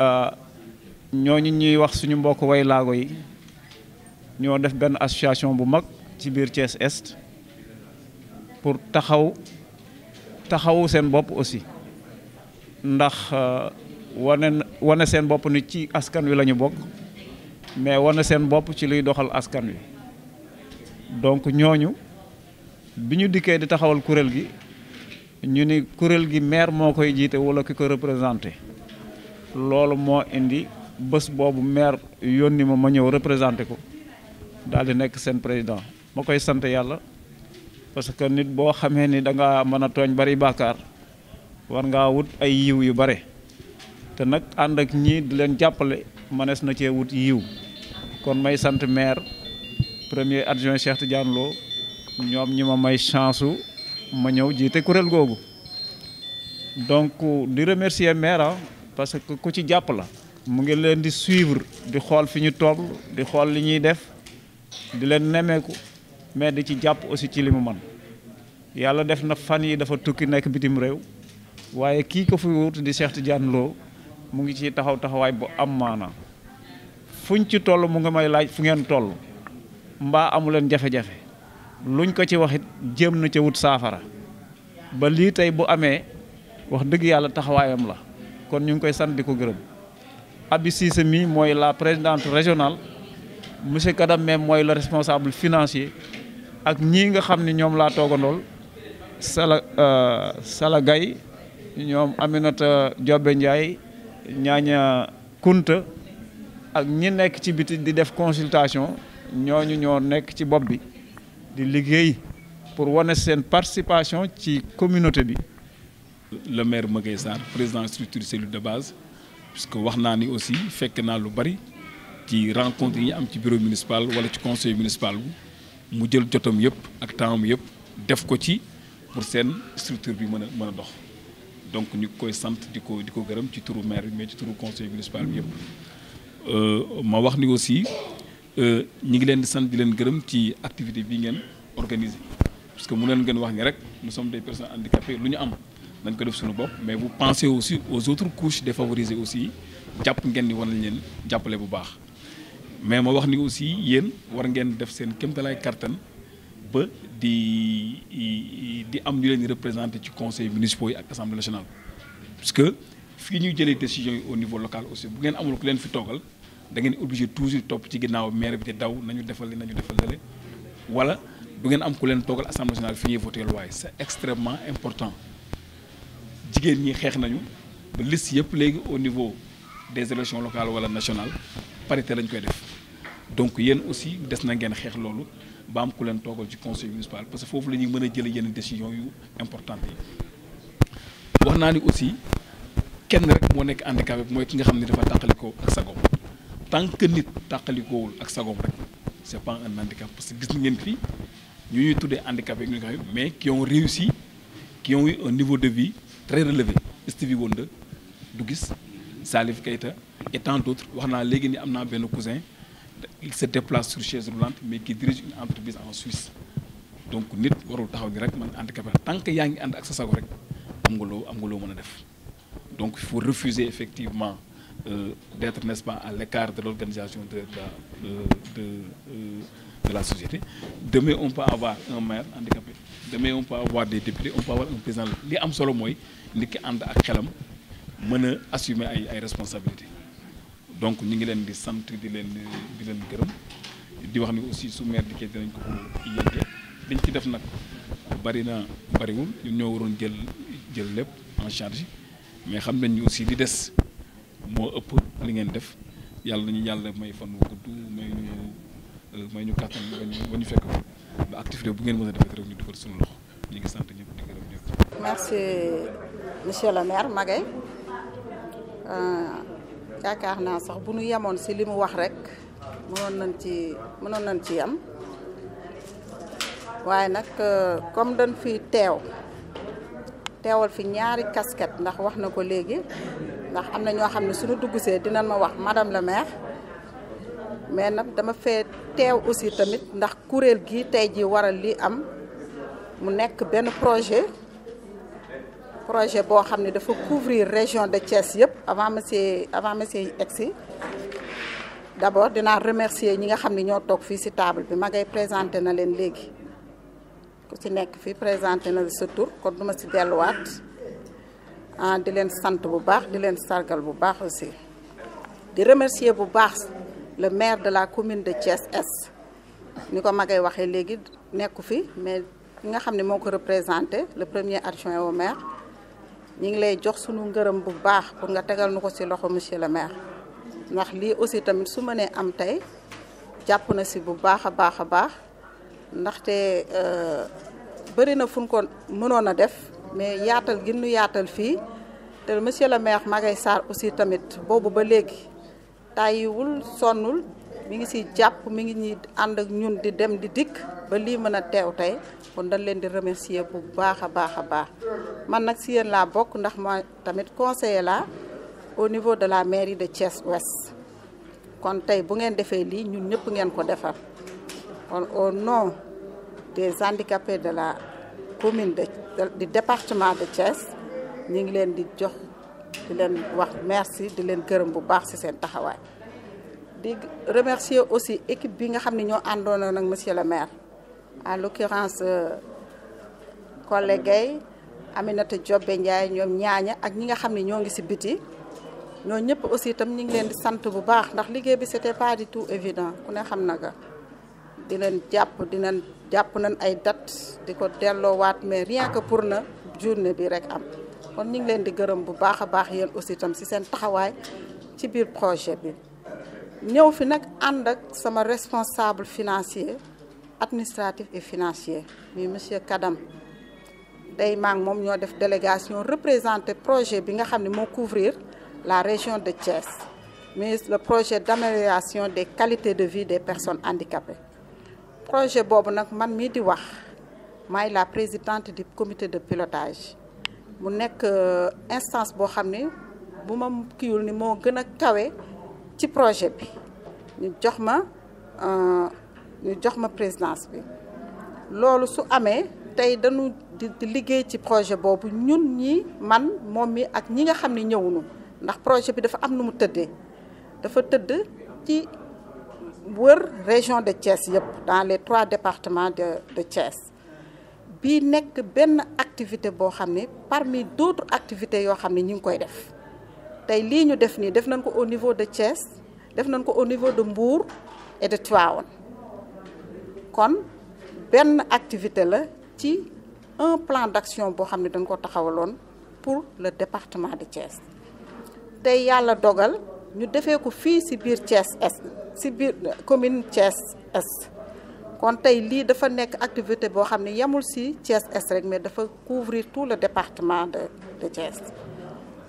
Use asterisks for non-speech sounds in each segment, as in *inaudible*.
Euh, ñooñu ñuy wax suñu mbokk way laago yi ñoo def benn association bu mag ci biir Thiès Est pour taxaw taxawu seen bopp aussi ndax euh, wane wane seen bopp ni ci askan wi la ñu bokk mais wane seen bopp ci luy doxal askan wi donc ñooñu bi ñu dikkee di taxawal kuréel gi ñu ni kuréel gi maire moo koy jiite wala ki ko représenté loolu moo indi bés boobu maire yónni ma ma ñëw représenté ko daal di nekk seen président ma koy sant yàlla parce que nit boo xamee ni da nga mën a tooñ bari bàkkaar war ngaa wut ay yiw yu bare te nag ànd ak ñii di leen jàppale mënees na cee wut yiw kon may sant maire premier adjoint Cheikh Tidiane Lo ñoom ñi ma may chance ma ñëw jiite kuréel googu donc di remercier maire ah, parce que ku ci jàpp la mu ngi leen di suivre di xool fi ñu toll di xool li ñuy def di leen nemeeku mais di ci jàpp aussi ci li mu man yàlla def na fan yi dafa tukki nekk bitim réew waaye kii ko fi wut di Cheikh Tidiane Lo mu ngi ci taxaw taxawaay bu am maana fuñ ci toll mu ngi may laaj fu ngeen toll mbaa amu leen jafe-jafe luñ ko ci waxit jëm na ca wut saafara ba lii tey bu amee wax dëgg yàlla taxawaayam la kon ñu ngi koy sant di ko gërëm Abi Cissé mi mooy la présidente régional monsieur Kadam même mooy le responsable financier ak ñii nga xam ni ñoom laa toogandool Sala euh, Sala gay ñoom Aminata Diobé Ndiaye ñaaña Kunta ak ñi nekk ci biti di def consultation ñooñu ñoo nekk ci bopp bi di liggéey pour wane seen participation ci communauté bi le maire Magueye Sarr président structure cellule de base que wax naa ni aussi fekk naa lu bari ci rencontre yi ñu am ci bureau municipal wala ci conseil municipal bi mu jël jotam yëpp ak tempsam yëpp def ko ci pour seen structure bi mën a mën a dox donc ñu koy sant di ko di ko gërëm ci turu maire bi mais ci turu conseil municipal bi yëpp euh, ma wax ni aussi euh, ñu ngi leen di sant di leen gërëm ci activité bi ngeen organisé parce que mu leen gën wax ni rek lu ñu am nañ ko def suñu bopp mais bu pensez aussi aux autres couches défavorisées aussi jàpp ngeen ni war nañ leen jàppale bu baax mais ma wax ni aussi yéen war ngeen def seen kéemtalaay kattan ba di di am ñu leen di représenté ci conseil municipal yi ak assemblée nationale. parce que fii ñuy jëlee décisions yi au niveau local aussi bu ngeen amul ku leen fi toogal da ngeen obligé toujours topp ci ginnaaw maire bi di daw nañu defal li nañu defal lale wala du ngeen am ku leen toogal assemblée nationale fi ñuy voté loi c'est important. jigéen ñi xeex nañu ba liste yëpp léegi au niveau des élections locale wala nationales parité lañ koy def donc yéen aussi des na ngeen xeex loolu ba am ku leen toogal ci conseil municipal parce que foofu lañuy ñuy mën a jëlee yenn décision yu importantes yi wax naa ni aussi kenn rek moo nekk handicapé mooy ki nga xam ne dafa tàqalikoo ak sagom tant que nit tàqalikoowul ak sagom rek c'est pas un handicap parce que gis ngeen fi ñu ñuy tuddee handicapé yi ñu mais qui ont réussi qui ont eu un niveau de vie très relevé Stevie Wonder du gis Salif Keita et tant wax naa léegi ni am naa benn cousin il se déplace sur chaise roulante mais qui dirige une entreprise en Suisse donc nit warul taxaw ni rek man handicapé tant que yaa ngi ànd ak sa sago rek am nga loo am nga mën a def donc il faut refuser effectivement euh, d'être nest pas à l'écart de l'organisation de la euh, euh, de la société demain on peut avoir un maire handicapé damay on peut avoir des députés on peut avoir un président li am solo mooy nit ki ànd ak xelam mën a assumer ay ay responsabilités donc ñu ngi leen di sant di leen di leen gërëm di wax ni aussi su maire dikkee dinañ ko yënge dañ ci def nag bari na bariwul ñun ñoo waroon jël jël lépp en charge mais xam nañ ni aussi li des moo ëpp li ngeen def yàlla ñu yàlla may fan wu gudd may ñu may ñu kàttan ba ñu fekk activité bu merci monsieur le maire Magaye euh, yaakaar naa sax bu nu yemoon si li mu wax rek mënoon nañ ci mënoon nañ ci yem waaye nag euh, comme dañ fi teew teewal fi ñaari casquette ndax wax na ko léegi ndax am na ñoo xam ne su suñu dugg see dinañ ma wax madame le maire. mais nag dama fee teew aussi tamit ndax kuréel gi tey ji waral li am mu nekk benn projet projet boo xam ne dafa couvrir région de Thiès yëpp avant ma see avant ma see egsi d'abord dinaa remercier ñi nga xam ne ñoo toog fii ci table bi ma ngay présenté na leen léegi ku ci nekk fii présenté na sa tur kon duma ci delluwaat ah di leen sant bu baax di leen sargal bu baax aussi di remercier bu baax le maire de la commune de Thiès ess ni ko magay waxee léegi nekku fi mais nga xam ne moo ko représenté le premier adjoint au maire ñi ngi lay jox sunu ngërëm bu baax pour nga tegal nu ko ci loxo monsieur le maire ndax lii aussi tamit su ma am tey jàpp na ci bu baax a baax a baax ndaxte euh, bëri na fu ñu mënoon a def mais yaatal ginnu yaatal fii te monsieur le maire Magaye Sarr aussi tamit boobu ba léegi tàyyiwul sonnul mi ngi siy jàpp mi ngi ñuy ànd ak ñun di dem di dikk ba lii mën a teew tey kon dañ leen di remercier bu baax a baax a baax man nag si yéen laa bokk ndax ma tamit conseiller la au niveau de la mairie de Thiès Ouest kon tey bu ngeen defee lii ñun ñëpp ngeen ko defar kon au nom des handicapés de la commune de du département de Thiès ñu ngi leen di jox di leen wax merci di leen gërëm bu baax ci seen taxawaay di remercier aussi équipe bi nga xam ne ñoo àndoon nag monsieur le maire en l'occurrence euh, Collé Gueye Aminata Diobé Ndiaye ñoom ñaaña ak ñi nga xam ne ñoo ngi ci biti ñoo ñëpp aussi tam ñu ngi leen di sant bu baax ndax liggéey bi c'était pas du tout ku ne xam naga di leen jàpp di leen jàpp nañ ay dat di ko delloowaat mais rien que pour na journée bi rek am kon ñu ngi leen di gërëm bu baax a baax yéen aussi tam si seen taxawaay ci biir projet bi ñëw fi nag ànd ak sama responsable financier administratif et financier muy monsieur Kadam tey maa moom ñoo def délégation représenter projet bi nga xam ne moo couvrir la région de Thiès mais le projet d'amélioration des qualité de vie des personnes handicapées projet boobu nag man mii di wax maay la présidente du comité de pilotage mu nekk euh, instance boo xam ne bu ma kiiwul ni moo gën a kawe ci projet bi ñu jox ma euh, ñu jox ma présidence bi loolu su amee tey dañu di liggéey ci projet boobu ñun ñi man moom mi ak ñi nga xam ni ñëwunu ndax projet bi dafa am nu mu tëddee dafa tëdd ci wër région de Thiès yëpp dans les trois départements de de Thiès bii nekk benn activité boo xam ne parmi d'autres activités yoo xam ne ñu ngi koy def tey lii ñu def nii def nañ ko au niveau de Thiès def nañ ko au niveau de Mbour et de Tivaouane kon benn activité la ci un plan d'action boo xam ne dañ ko taxawaloon pour le département de Thiès tey yàlla dogal ñu defee ko fii ci biir Thiès Est ci biir commune Thiès Est kon tey lii dafa nekk activité boo xam ne yamul si Thiès Est mais dafa couvrir tout le département de de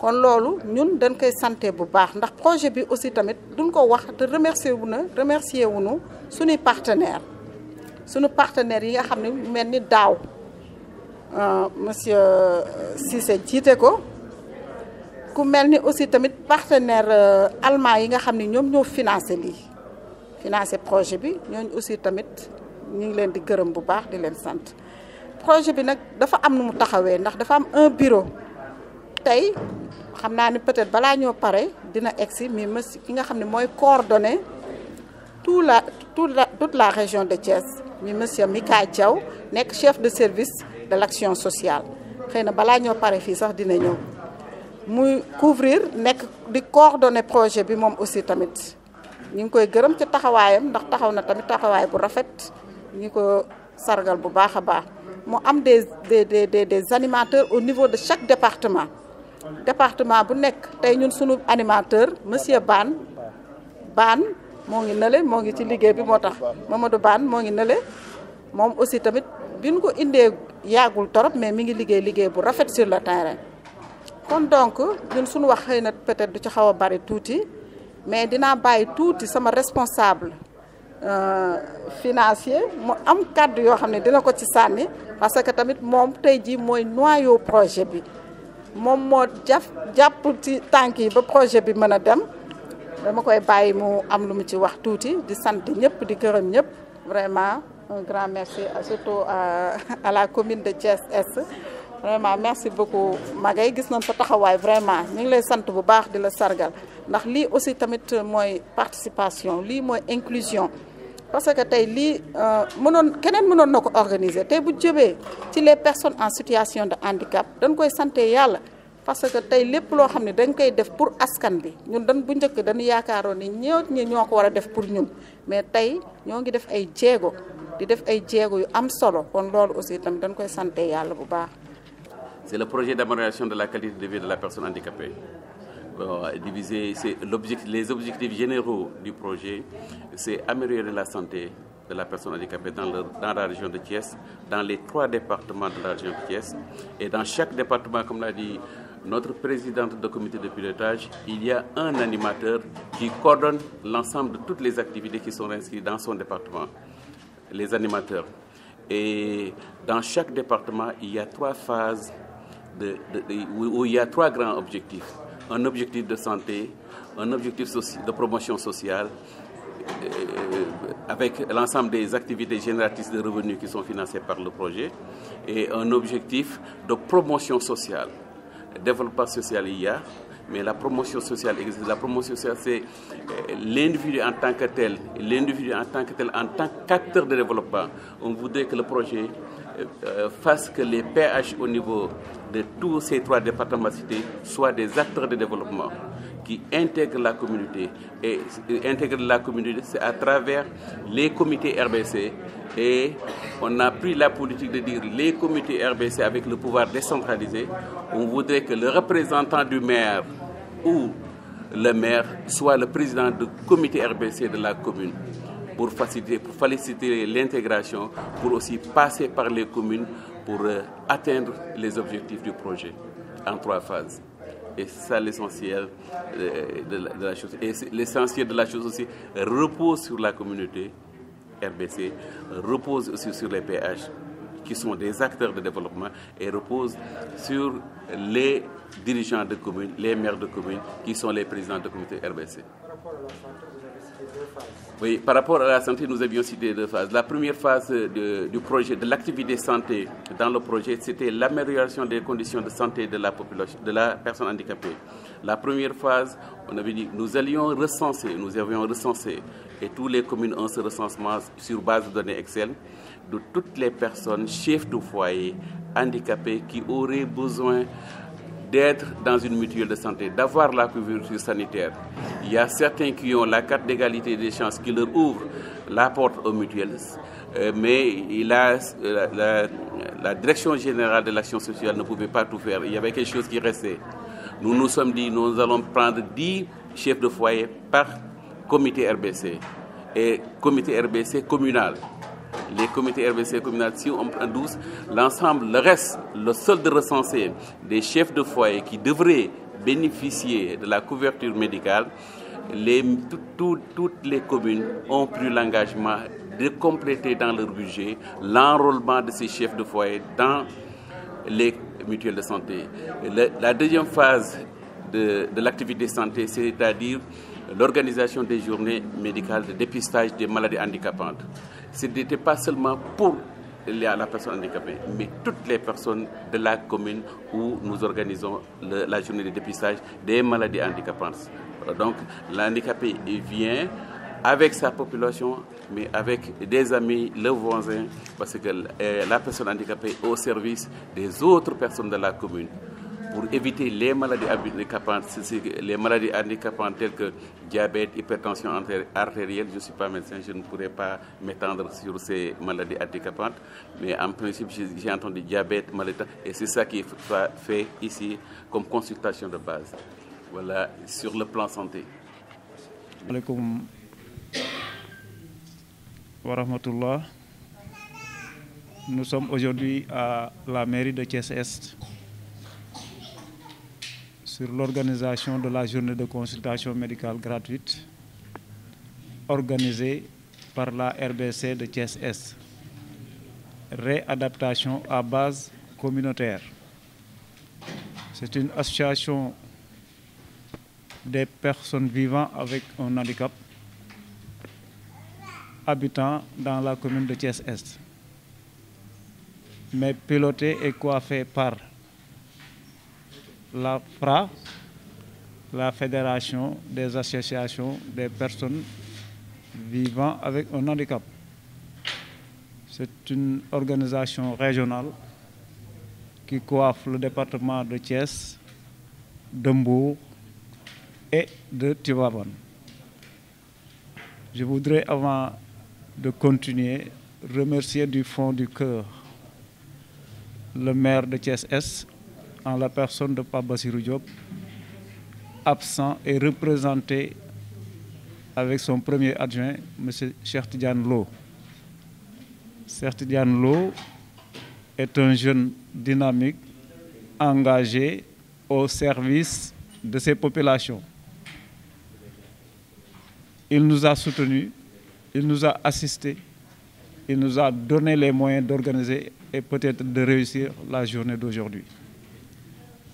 kon loolu ñun dañ koy santé bu baax ndax projet bi aussi tamit duñ ko wax te remercier wu na remercier wunu suñuy partenaire suñu partenaires yi nga xam ne mel ni daaw euh, monsieur euh, Cissé jiite ko ku mel ni aussi tamit partenaire euh, allemand yi nga xam ni ñoom ñoo financé lii financé projet bi ñooñu aussi tamit ñu ngi leen di gërëm bu baax di leen sant projet bi nag dafa am nu mu taxawee ndax dafa am un bureau tey xam naa ni peut-être balaa ñoo pare dina egsi mi mas ki nga xam ne mooy coordonné tout la tout la toute la région de Thiès mi monsieur Mika Diaw nekk chef de service de l'action sociale xëy na balaa ñoo pare fii sax dina ñëw muy couvrir nekk di coordonner projet bi moom aussi tamit ñu ngi koy gërëm ci taxawaayam ndax taxaw na tamit taxawaay bu rafet ngi ko sargal bu baax a baax mu am des des des des animateurs au niveau de chaque département département bu nekk tey ñun sunu animateur monsieur Bane Bane moo ngi nële moo ngi ci liggéey bi moo tax Mamadou Bane moo ngi nële moom aussi tamit bi ñu ko indee yaagul torop mais mi ngi liggéey liggéey bu rafet sur le terrain kon donc ñun suñu wax xëy na peut-être du ci xaw a bari tuuti mais dinaa bàyyi tuuti sama responsable Euh, financier mu am kàdd yoo xam ne dina ko ci sànni parce que tamit moom tey jii mooy noyau projet bi moom moo jaf jàpp ci tànk yi ba projet bi mën a dem dama koy bàyyi mu am lu mu ci wax tuuti di sant ñëpp di gërëm ñëpp vraiment un grand merci surtout à *laughs* la commune de Thiès Est vraiment merci beaucoup Magaye gis nañ sa taxawaay vraiment ñu ngi lay sant bu baax di la sargal ndax lii aussi tamit mooy participation lii mooy inclusion parce que tey lii euh, mënoon keneen mënoon na ko organiser tey bu jëmee ci les personnes en situation de handicap dañ koy sante yàlla parce que tey lépp loo xam ne dañ koy def pour askan bi ñun dan bu njëkk dañu yaakaaroon ni ñëw ñi ñoo ko war a def pour ñun mais tey ñoo ngi def ay jéego di def ay jéego yu am solo kon loolu aussi itam dañ koy sante yàlla bu baax. c'est le projet d'amélioration de la qualité de vie de la personne handicapée. Euh, diviser c'est l'objectif les objectifs généraux du projet c'est améliorer la santé de la personne handicapée dans le dans la région de Thiès dans les trois départements de la région de Thiès et dans chaque département comme l'a dit notre présidente de comité de pilotage il y a un animateur qui coordonne l'ensemble de toutes les activités qui sont inscrites dans son département les animateurs et dans chaque département il y de, de, il y a trois grands objectifs un objectif de santé, un objectif de promotion sociale, euh, avec l'ensemble des activités génératrices de revenus qui sont financées par le projet, et un objectif de promotion sociale. Développement social il y a, mais la promotion sociale existe. La promotion sociale, c'est euh, l'individu en tant que tel, l'individu en tant que tel, en tant qu'acteur de développement. On voudrait que le projet Euh, fasse que les PH au niveau de tous ces trois départements cités soient des acteurs de développement qui intègrent la communauté. Et euh, intègrent la communauté, c'est à travers les comités RBC. Et on a pris la politique de dire les comités RBC avec le pouvoir décentralisé. On voudrait que le représentant du maire ou le maire soit le président du comité RBC de la commune. pour faciliter, pour faciliter l'intégration, pour aussi passer par les communes pour euh, atteindre les objectifs du projet en trois phases. Et ça, l'essentiel euh, de, la, de, la chose. Et l'essentiel de la chose aussi repose sur la communauté RBC, repose aussi sur les PH, qui sont des acteurs de développement, et repose sur les dirigeants de communes, les maires de communes, qui sont les présidents de communautés RBC. par rapport à la santé, nous avions cité deux phases. La première phase de, du projet, de l'activité santé dans le projet, c'était l'amélioration des conditions de santé de la population, de la personne handicapée. La première phase, on avait dit, nous allions recenser, nous avions recensé, et tous les communes ont ce recensement sur base de données Excel, de toutes les personnes chefs de foyer handicapées qui auraient besoin d'être dans une mutuelle de santé, d'avoir la couverture sanitaire. Il y a certains qui ont la carte d'égalité des chances qui leur ouvre la porte aux mutuelles, euh, mais il a, euh, la, la, la direction générale de l'action sociale ne pouvait pas tout faire. Il y avait quelque chose qui restait. Nous nous sommes dit, nous allons prendre 10 chefs de foyer par comité RBC et comité RBC communal. les comités RBC communal, si on prend 12, l'ensemble, le reste, le solde recensé des chefs de foyer qui devraient bénéficier de la couverture médicale, les, tout, tout, toutes les communes ont pris l'engagement de compléter dans leur budget l'enrôlement de ces chefs de foyer dans les mutuelles de santé. Le, la deuxième phase de, de l'activité santé, c'est-à-dire l'organisation des journées médicales de dépistage des maladies handicapantes. Ce n'était pas seulement pour la personne handicapée, mais toutes les personnes de la commune où nous organisons le, la journée de dépistage des maladies handicapantes. Donc l'handicapé vient avec sa population, mais avec des amis, le voisin, parce que eh, la personne handicapée au service des autres personnes de la commune. pour éviter les maladies handicapantes, les maladies handicapantes telles que diabète, hypertension artérielle. Je ne suis pas médecin, je ne pourrais pas m'étendre sur ces maladies handicapantes. Mais en principe, j'ai entendu diabète, maladie, et c'est ça qui est fait ici comme consultation de base. Voilà, sur le plan santé. Nous sommes aujourd'hui à la mairie de Thiès-Est sur l'organisation de la journée de consultation médicale gratuite organisée par la RBC de Thiès-Est. Réadaptation à base communautaire. C'est une association des personnes vivant avec un handicap habitant dans la commune de Thiès-Est, mais pilotée et coiffée par la FRA, la Fédération des associations des personnes vivant avec un handicap. C'est une organisation régionale qui coiffe le département de Thiès, de Mbourg et de Tivaouane. Je voudrais, avant de continuer, remercier du fond du cœur le maire de Thiès-Est, en la personne de Pape Bassirou Diop, absent et représenté avec son premier adjoint, M. Chertidian Lo. Chertidian Lo est un jeune dynamique engagé au service de ses populations. Il nous a soutenus, il nous a assistés, il nous a donné les moyens d'organiser et peut-être de réussir la journée d'aujourd'hui.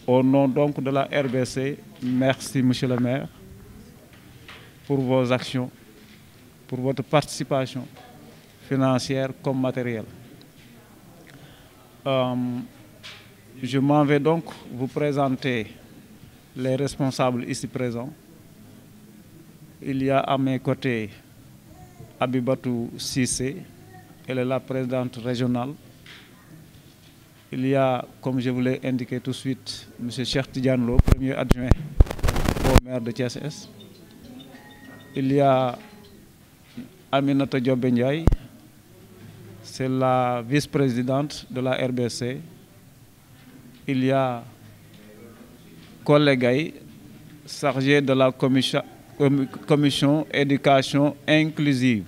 Au nom donc de la RBC, merci Monsieur le maire pour vos actions, pour votre participation financière comme matérielle. Euh, je m'en vais donc vous présenter les responsables ici présents. Il y a à mes côtés Abibatou Sissé, elle la présidente régionale il y a, comme je vous l'ai indiqué tout de suite, M. Cheikh Tidjanlo, premier adjoint au de Thiès. Il y a Aminata c'est la vice-présidente de la RBC. Il y a chargé de la commission, commission éducation inclusive.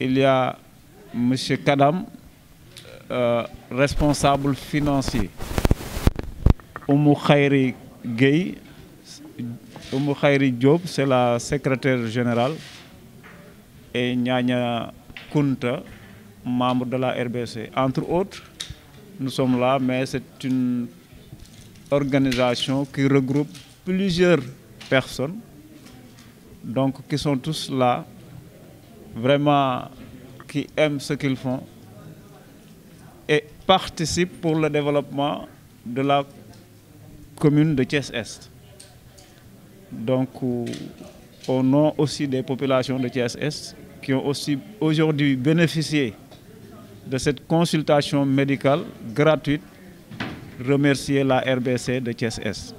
Il y M. Kadam, Euh, responsable financier Oumou xayri Gueye Oumou Khayri Diop c'est la secretaire générale et Ñaña Kunta membre de la RBC entre autres nous sommes là mais c'est une organisation qui regroupe plusieurs personnes donc qui sont tous là vraiment qui aiment ce qu'ils font participe pour le développement de la commune de Thiès-Est. Donc, euh, au nom aussi des populations de Thiès-Est qui ont aussi aujourd'hui bénéficié de cette consultation médicale gratuite, remercier la RBC de thiès